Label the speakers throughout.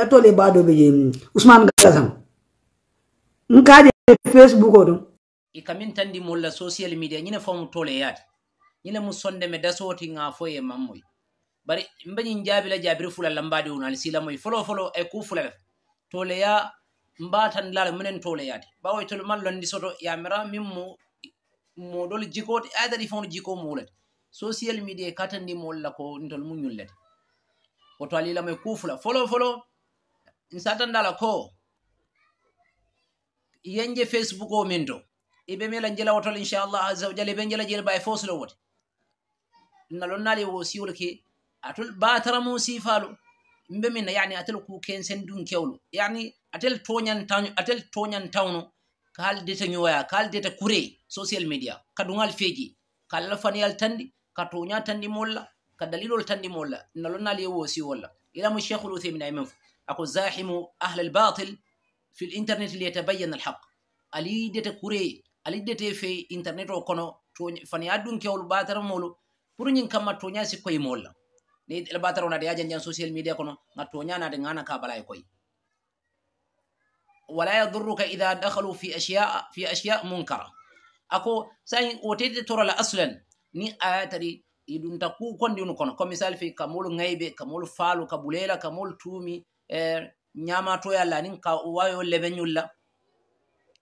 Speaker 1: ለቶሌ ባዶ ብዬ ኡስማን ገሰም እንካዴ ፌስቡክ ኦዶ ikamin tan di molla social media nyine fomu tole yaadi nyine mu sonde me dasoti nga fo e mammoy bari mbe nyin jaabila jaabiri fula lambade unal sila moy folo folo e ku fula tole ya mbatan lal munen tole yaadi bawo tole man londi soto ya mira mimmo modol jikoti adari fonu jiko mulat social media katandi molla ko ntol munyullete woto alila moy ku fula folo folo in satandala ko yenje facebook o min do eɓe mila jelawotol inchallah aza wa jal eɓe jela jel bae foslo wote ɗumna lonnali o siwolke atol bataramo sifalo imɓe minna yani atel kuken sen dun kewlo yani atel toñantaatel toñan tawno kaaldeta ñoya kaaldeta kure social média ka dugal feeji ka lalfaniyal tandi ka toña tandi molla ka dalilol tandi molla ɗumna lonnali yewo siwolla ilamo cheikhul uthemina emen fo ako zahimu ahla albatil fi l internet liyatabayana alhaq aliddete kure aliddete fe internet o kono fani addum kewol ɓatara molu pour ñin kamma toña si koye molla nelbatara onaade yajan jan social media kono ga toña naade gana ka balay koye wala yadurruka ida dakalu fi asya fi asya munkara ako sai wotete torola aslan ni aya tari iɗum ta kukondinu kono comme misal fe kamolu gaybe kamolu falu ka bulela kamolu tuumi E, ñama to yalla nin ka wawi o lebe ñulla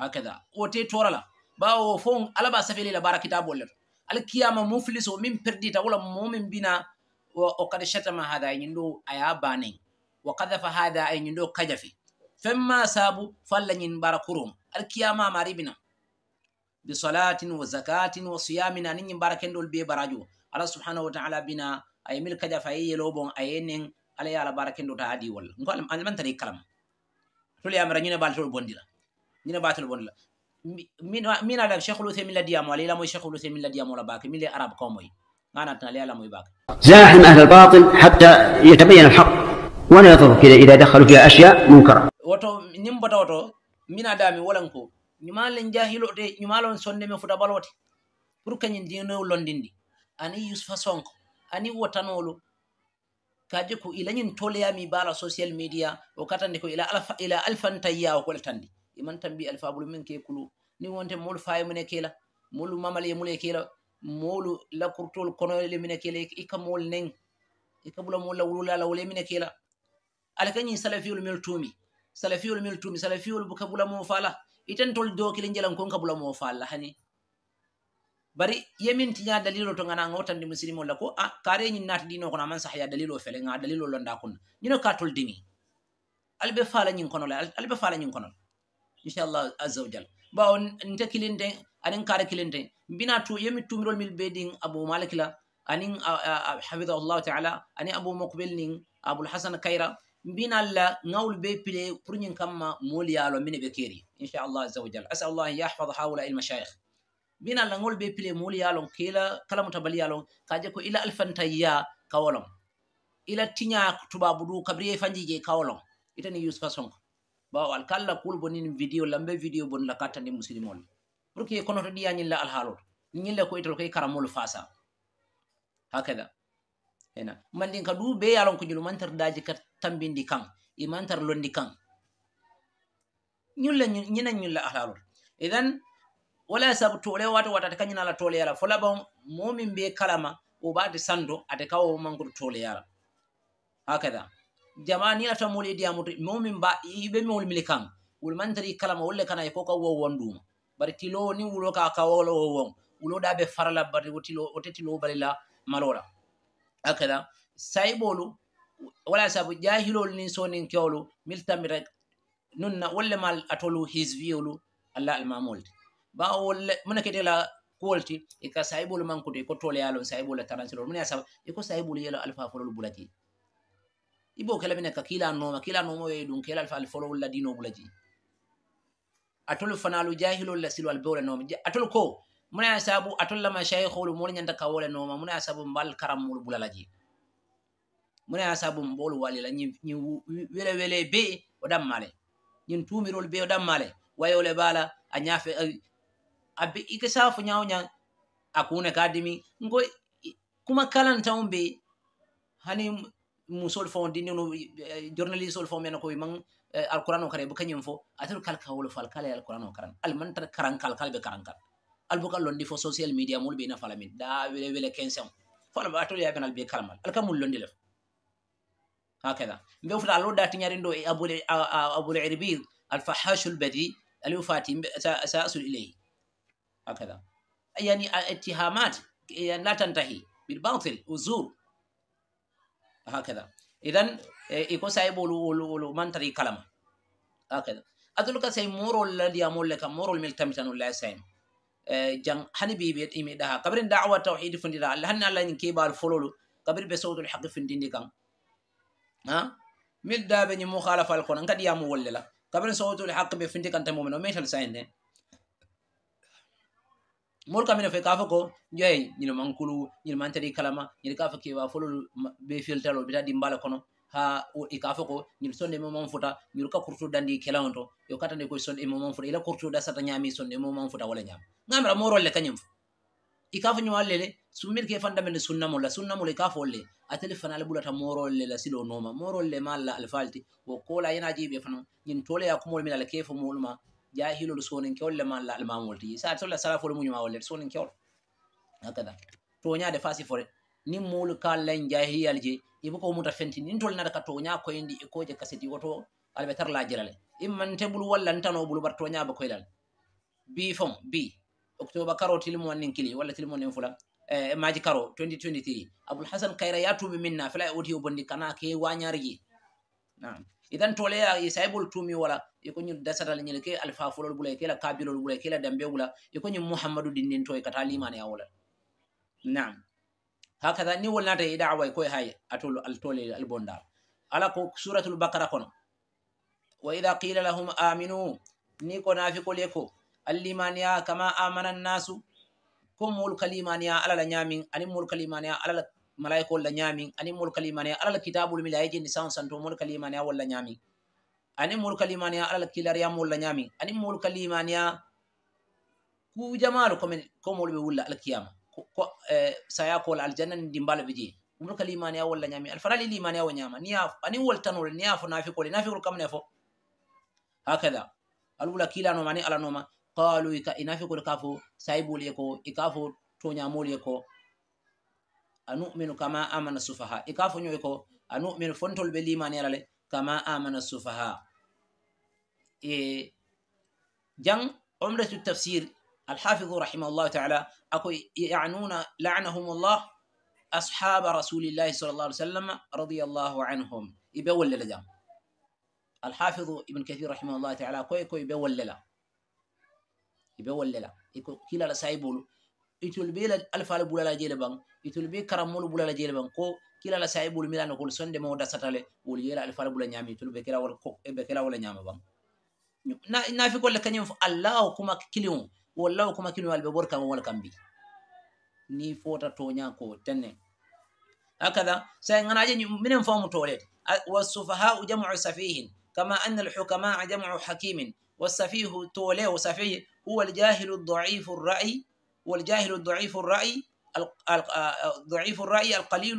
Speaker 1: hakada o te torala bawo fo alaba safelila bara kitabolle to alkiyama mo filis o min perdita wala momin bina o kad shatama hada e ñin ɗo aya banen wa kadafa hada e ñin ɗo kajafi femma sabu falla ñin bara kurum alkiyama maribina bi salatin wa zakatin wa siyamin anin ñin bara kendol be barajo ala subhanahu wa taala bina aye mil kajafa aye yelobon aye nen ala yaala bara kendota adi walla ngo alamantani kalam toleyamira ñune baltol bondila ñune batol bondila min ala cheikh lousé min ladiyamo ala ilamoy cheikh lousé min ladiyamo la bake mille arabe kawmoy ganatana ala yaala moy bake zahim ahl albatil hatta yetabayana alhaq wala yatru kida ida dakhalu fiha ashya munkara woto nim bota woto min adami wolanko ñuma len jahiloote ñuma lon sonde me futa balote pour kañin dinowlondindi ani yusfa sonko ani wotanolo kaƴe ko ilañin toleyami bala social média o katande ko ila alfa ila alfantayya o koletandi iman e tan mbi alfabule min kekulu ni wonte molu fayimune kela molu mamal ye mule kela molu lakurtol konoyele mine kela ika e mol nen ikabula e mol lawululalawole mine kela alakañi salafiol mel tumi salafiol mel tumi salafiol bo kabula mo fala itan tol dokile jalan kon kabula mo falla hani bari yemintiña dalilo to gana gawtandi musilimol la ko a ah, kareñin naati ɗino kono aman sahaya dalilo fele ga dalilo londa kunna ñino ka tol dimi alɓe falañin konol alɓe falañin konol inchallah azza wajal bawo nte kilinte anin kare kilinte mbina tu yemi tumirol mil be ɗin abou malik la anin hafidahullah taala ani abou mokbel nin aboulhasan kayra mbinal la gawl be pile pour ñin kamma moliyalo mine ɓe keeri inchallah azza wajal asalllah an yahfad haula il mashaikh mina laŋol be pile mool ye loŋ kila kala mutabali ye loŋ ka je ko ila alfanta ya kawo loŋ ila tiña tubabu du kabiri ye fanji je kawo loŋ itani yusufa sonko bawo al ka alla kuul bonin video lambe video bon la kattandi musilimol pour que ye konoto ɗiya ñilla alhaalol ñilla ko itol koye karamol fasa hakada hena mandin ka du be ya loŋ ko ñol mantar daji ka tambindi kaŋ i e mantar londi kaŋ ñulla ñina ñulla alhaalol edan wala sabu tole wata wata ata kañinala tole yara fo laban momin be kalama o ɓate sando ata kawo mangoto tole yara hakada jama nilata mole diyamut momin ba iɓe mewol mili kan wolmantari kalama wolle kana e ko ka wowon duma bari tilo ni wulo ka kawolo wowon wuloɗa ɓe farala bari wote tilo balila malola hakada sayiɓolu wala sabu jahilol nin sonin kewolu miltamira nunna wolle ma atolu hisviyolu allah almamolde bawolmnaketela kuwolti ika e sayibolu mankuto iko e tole yalon sayibolu taransilol mina saba iko e sayibolu yelo alfafolol bulaji ibo kela mina ka kila noma kila nomo wey ɗum kela alfafolol la dino bulaji atol fanalu jahilol la silo albewola noma atol ko muna ya sabu atol lama shayholu mol ñanta kawola noma muna ya sabu mbal karammol bulalaji muna ya sabu mbol walila ñi wele wele be o dammale ñin tumirol be o dammale wayole bala a ñafe a be ike safo ñawo ñan a kuna ka dimi ngo kuma kalan tan be hani musol fo dini no e, journaliste sol fo men ko man e, alquran o kare bu kanyum fo atul kal ka wolo fal kala e alquran o karan al man tar karan kal kal be karan kal al bu kal londi fo social media mul be na fala min da wele wele kensam fala ba atul ya ben al be kalmal al kamul londi le hakeda be fu dalu da tinyari ndo e abul abul irbil al fahashul badi al yufati sa asul ilayhi hakada yani a ittihamat yani la tantahi bil batil uzur hakada idan iko sai bolu bolu bolu mantari kalama hakada adul ka sai morol la dia molle ka morol mil tamtanu la sai jan hani bi bi imi da kabrin da'wa tauhid fundira allah hanna allah ni kibal fololu kabir be sawdul haqq fundindi kan ha mil da be ni mukhalafa al qur'an kadiyam wolle la kabrin sawdul haqq be fundi kan tamumno metal sai ne molka mine fo ka fo ko joyi ñino mankulu ñino mantari kalama ñino ka fo kewa folol be filtal o ɓeta ɗi mbala kono ha i ka fo ko ñino sonde momam fota ñoro ka kurtuɗanɗi kelao to yo katande koye sonde momam fota ila kurtuɗa sata ñami sonde momam fota wala ñam gamira morolle kañum fo i ka fo ñowallele summir ke fan ɗamene sunnamola sunnamola i ka fo olle atele fana ala ɓulata morolle la silo noma morolle ma alla alfalti wo kola yanajiɓe fana ñin toleya kumol min ala ke fo moɗuma jaahi lolu sonin kewol le man lal mamol ti sa so la sala fo muñu mawol le sonin kewol hakada to nya de fasi fore ni mul mulu kallan jahi alje ibu ko muta fenti ni tol na ka to nya ko indi e ko koje kaseti woto albe tar la jelale im man imman tebul walla ntano bul bar to nya ba ko dal bi fom bi october karo tilmo nin kili wala til tilmo nin fula e maji karo 2023 abul hasan kayra yatubi minna fala e oti bondi kana ke wanyarji na'am idan toleya isaybol tumi wala ikoñin dasatal ñel ke alfafolol bula kela kabilol bula kela dambe bula ikoñin muhammadu dinninto kata limane a wolal nam hakaa ni wol nata idawa koye hay atol altole albondal ala ko suratul bakara kono wa ida qila lahum aminu ni ko nafikole ko allimaniya kama amana nnasu ko mulka limaniya alala ñamin ani mulka limaniya alala malaika walla ñaamin anin molkal imaniya alal kitabul mila ye jenni san santo molkal imaniya walla ñaamin anin molkal imaniya alal kilariyama walla ñaamin anin molkal imaniya kujamalu kome komol ɓe wulla alkiyama e, saya kol aljanna ni dimbala ɓe je molkal imaniya walla ñaamin alfanalil imaniya wo ñaama niya anin woltanol niya fo nafikole nafikol kamne fo hakada alwula kilanoma anin alanoma qalu ika inafikol ka fo sayibol ye ko ika fo toñamol ye ko anuminu kama amana sufaha e ka foñoy ko anuminu fontol ɓe limanerale kama amana sufaha e jang omratu tafsir alhafidu rahimahullahu taala ako yanuna lanahum llah ashaba rasulillahi sal llah ali sallam radiallahu anhum i ɓe wollela jang alhafidu ibne kathir rahimahullahu taala koye koye ɓe wollela i ɓe wollela e ko kilala saybolu itol be alfaal bulala jele ban itol be karammolu bulala jele ban ko kilala sa bol milana kol sonde mao dasatale wol yela alfaal bula ñami itol be kela wala e ñama ban nafikolle kañum fo allah o kuma kilio walla o kuma kilio albe bor kam wala kambi ni fota toña ko tenne hakada sa ganaje minen famu tolede wasufahau jamu safihin kama an alhukama jamu hakimin wasafihu tole wasafihi huwa aljahilu daifu rai والجاهل الضعيف الرأي آه، ضعيف الرأي القليل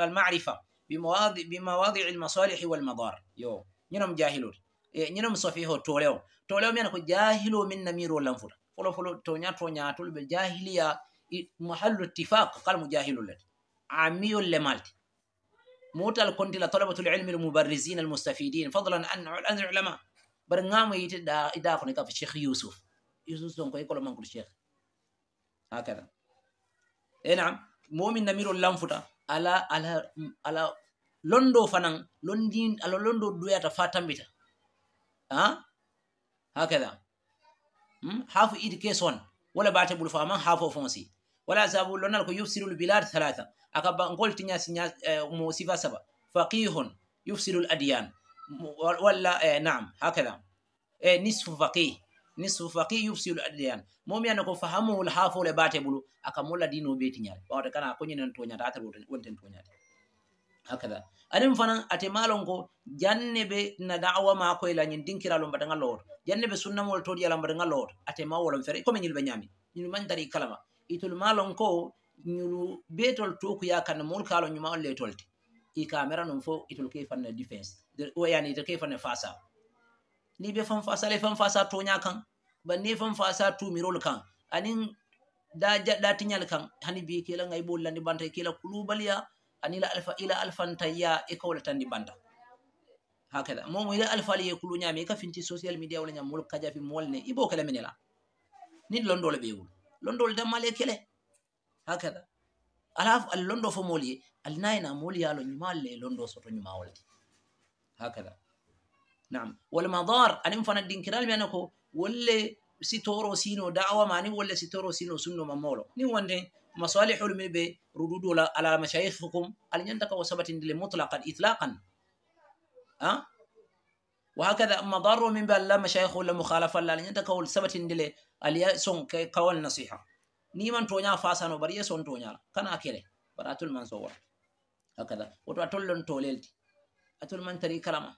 Speaker 1: المعرفة بمواضع بمواضع المصالح والمضار يو نينم جاهلو إيه، نينم صفيه توليو توليو مينكو يعني جاهلو من نمير ولنفر فلو فلو تونيا تونيا تول بالجاهلية محل اتفاق قال مجاهل لد عمي لمالت موت الكنت لطلبة العلم المبرزين المستفيدين فضلا عن العلماء برنامج يتدا إداقني كاف الشيخ يوسف يوسف دونكو يقول لهم الشيخ هكذا اي نعم momin namiron lanfuta ala ala ala londo fanan londin ala londo duyata fa tambita ha hakada hmm? hafu idi keson wala bate bul faman hafo fonsi wala sabu lonal ko yufsiru al bilad thalatha aka bangol tinya sinya eh, mo sifa saba faqihun yufsiru al adyan wala naam na'am hakada eh, nisfu faqih nisfu faqi yufsilu adlian momi ana ko fahamuhul ha fole bate bulu aka molla dino ɓe tiñal ɓawata kana koñenen toñata atar wonten toñate hakada anin fanan ate malon ko janne ɓe na dawa ma koye lañin dinkira lo mbaɗa galla oto janne ɓe sunnamol toɗiyala e mbaɗa galla oto ate ma wolon fere comme ñilɓe ñami ñil mañtari kalama itol malon ko ñulu ɓetol tokuya kanna molkalo ñuma olle tolte i camera non fo itol kefanna difference oyani itol kefanna fasa ni be fanfasale fanfasa toya kan banne fanfasa tumirol kan anin dajaɗɗa tiyal kan hani bi kela gayibolulandi banta kela kulubaliya anila alfa ila alfantaya e kawlatandi banta hakaa mo ila alfaali ye kulu yami e ka finti social media wala yamol kajafi molne ibo kele menela ni londole be wul londole damale kele hakaa ala al londo fo mol ye alinayina mol yalo yumalle londo soto yuma wolde hakaa naam wal madar anin fana dinkiral mi ana ko wolle sitoro sino dawa ma anin wolle sitoro sino sunno ma molo nin wonde masalihol min ɓe rududol alamashaihkum alñantaka o sabatindile mutlaqan itlaqan a wa hakada madaro min ɓe allah mashaih olla mukhalafalla alñantakawol sabatindile alyason kawal nasiha niman toña fasano bar yeson toñala kana kele bara atolman sowona hakada woto atollon to lelti atolman tari kalama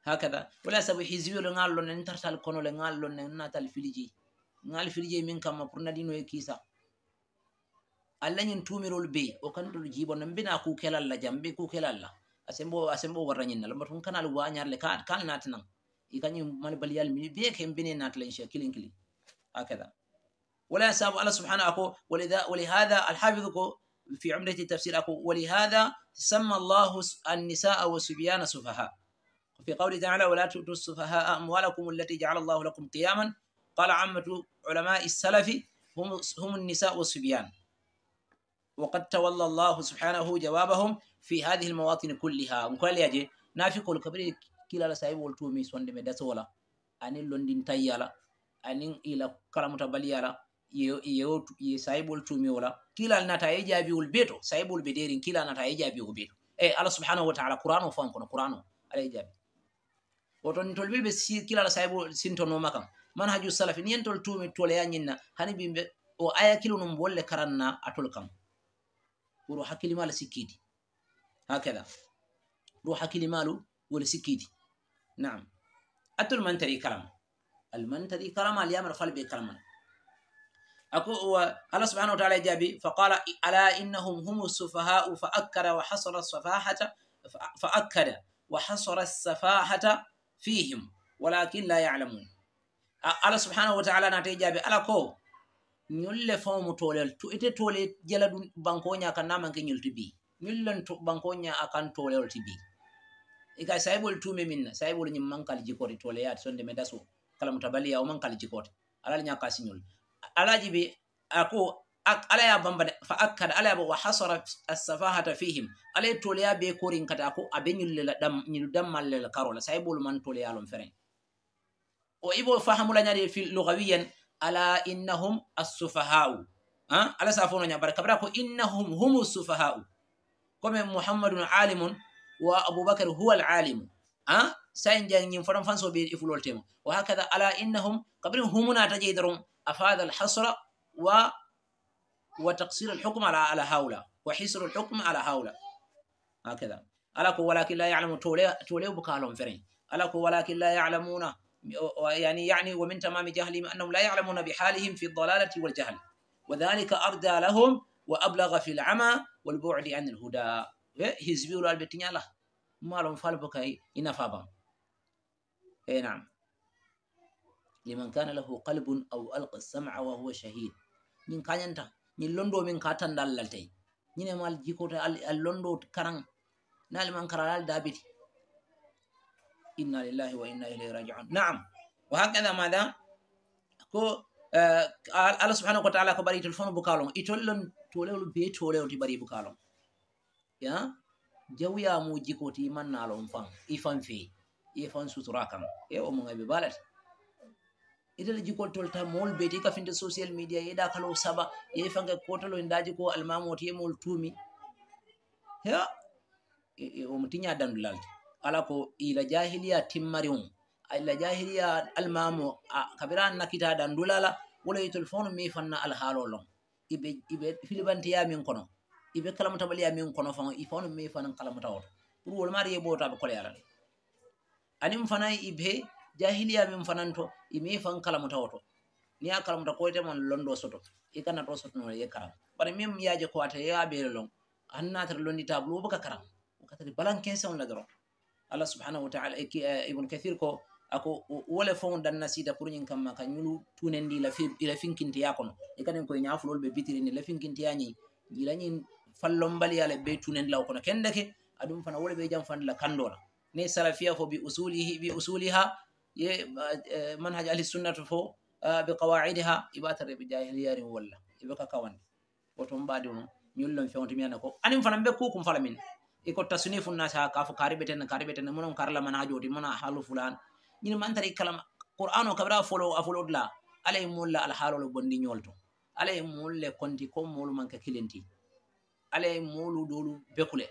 Speaker 1: hakada wala sabu hisiwel ngal lonne ni tartal konole ngal lonne natal filiji ngal filiji min kamma pour nadino e kisa alla nyin tumirol be o kandol jibo nan bina ku kelal la jambe ku kelal la asembo asembo warra nyin la matun kanal wa nyar le kad kan natnan i kanyi mal bal yal mi be kem bine natla insha kilin kilin hakada wala sabu alla subhanahu wa ta'ala walida walihada alhafidhuko fi umrati tafsir ako walihada samma allah an-nisaa wa subyana sufaha وفي قوله تعالى ولا تؤتوا السفهاء أموالكم التي جعل الله لكم قياما قال عامة علماء السلف هم هم النساء والصبيان وقد تولى الله سبحانه جوابهم في هذه المواطن كلها وقال يا جي نافق الكبير كلا لا سايب والتومي سوند مدس ولا أني لندن تيالا أن إلى كلام تباليالا يو يو سايب والتومي ولا كلا نتائج أبي والبيتو سايب والبديرين كلا نتائج أبي والبيتو إيه الله سبحانه وتعالى قرآن فهم كنا قرآنه على إجابة وطن تول بيبي سي كلا سايبو سينتون وماكا من هاجو سلافي نين تول تومي تول يانينا هاني بيبي او ايا كيلو نمبول لكرانا اتول كام وروحا كلمة لسكيدي هكذا روحا كلمة ولسكيدي نعم اتول منتري كرم المنتري كرم اليام رفال بي كرمان أكو الله سبحانه وتعالى جابي فقال ألا إنهم هم السفهاء فأكر وحصر السفاهة فأكر وحصر السفاهة fihim walakin la yalamun ala subhanahu wa taala ta jabe ala ko nyulle fo mu tolel to ite tole jela ɗum bankoña kan namanke ñol to bi ñullen to nya akan tolel to bi ika saybol me minna saybol ñim mankal jikoti tole ya sonde me daso kala mutabali ya o mankal jikoti alal ñaka ala alaji be ako ala ya bambane fa akkada ala yaba wa hasara assafahata fihim ala ye toloya be korin kata ko abe ñullela dam ñilu dammallela karola sa ibolu man toloyalon feren o ibo fahamulañade fi lugawiyen ala innahum assufahau ala sa fonoña bare kabra ko innahum hum sufahau comme muhammadun alimun wa aboubacar huwa alalimu a sayi jañin fotan fan soɓe ifulol tema wa hakada ala innahum kabri humunata jeydaron afada alhasra wa وتقصير الحكم على على هؤلاء وحصر الحكم على هؤلاء هكذا ألكو ولكن لا يعلم تولي تولي بكالهم فرين ألكو ولكن لا يعلمون يعني يعني ومن تمام جهلهم أنهم لا يعلمون بحالهم في الضلالة والجهل وذلك أردى لهم وأبلغ في العمى والبعد عن الهدى هزبي ولا البتنيا له ما لهم إن ينفابا أي نعم لمن كان له قلب أو ألقى السمع وهو شهيد من كان ينتهي min londo min ka tanda allah tawi ñinema al jikoto a londo karan naali man karal al dabiti inna lillahi wa inna ilayhi rajiun naam wa hakada mada ko eh, allah subhanahu wa taala ko bari itol fono bukalon itol lon tolewol be tolewol ti bari bukalon ya jawyamu jikoti mannalon fan ifan fe ifan sutura kan e omo gaɓe balata ireji tolta mool beeti ka finde social media yeeɗa yi dakalo saba yi fanka kotalo en daji ko almamoto yemol tuumi he omo tiña dandulalde ala ko ila jahiliya timmarin. A ila jahiliya almamo kabira nakita dandulala wala yitol fonu mi fanna alhaalo lon iɓe iɓe filibanteya min kono iɓe kalamutaɓaliya min kono fan i fonu mi fanan kalamutawoto pour wolmaari yeɓoto aɓe koleyalan anin fana ibe jahiliya min fananto imi fan kala mo tawoto ni a kala mota koyte mon londo soto i kanato sotono ye karam bara min yaje ko wata yaɓele lon hannatata londi table wobaka karam wokatati balankense on lagaro allah subhanahu wa taala eh, eh, ibne kathir ko ako wole fon danna sida pour ñin kamma ka ñulu tunendi ila finkintiya kono i kadin koye ñafulol ɓe bitirini la finkintiya ñi jilañi fallombaliyala ɓe tunendilaw kono kendake aɗum fana wole ɓe jam fandila kandola ni salafiya fo bi usuli bi usuliha ye eh, eh, man haji ali sunnata fo ɓe eh, kawaidi ha iɓata reɓe jahiliyari walla eɓe ka kawande otoon ɓaadi on ñullon fewnto miyana ko anin fana ɓe kukum fala min eko tasuni funnasi ha kafo kariɓeten kariɓeten monon karla man hajoti mona haalu fulan ñin mantari kala qur'an o kaɓira folo a folodla alay mulla alhaalol bonndi ñolto alay mulle konti ko molu manka kilenti alay mulu dolu bekule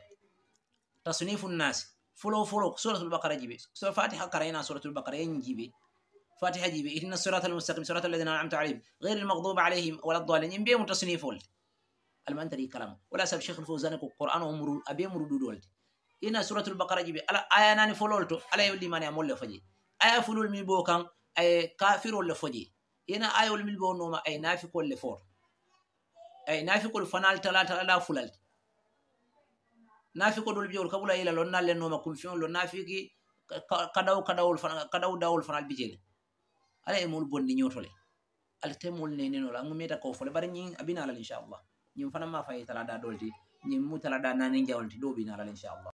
Speaker 1: tasuni funnasi folo folo سورة البقرة جيبي سورة فاتحة قرينا سورة البقرة ينجيبي فاتحه جيبي ان الصراط المستقيم سورة الذين انعمت عليهم غير المغضوب عليهم ولا الضالين بيم متصنيف ولد المنتري كلام ولا سب شيخ الفوزان القران امر ابي مردود ولد ان سوره البقره جيبي ألا آية ناني فولولتو ألا يولي ماني امول لفجي آية فلول مي بوكان اي كافر ولا فجي ina ayol mil bo noma ay nafi kolle for ay nafi kol fanal talata ala nafikodol biol kabula ila lo nallennoma kumfiol lo nafiki kadaw kadawol kadaw dawol fanal bijele ala emol bonni ñotole ala temol nenenol angu meta kaw fole bare ñin abinalal inchallah ñin fanama fayitalada dolti ñin mutalada nane jawolti dobinalal inchallah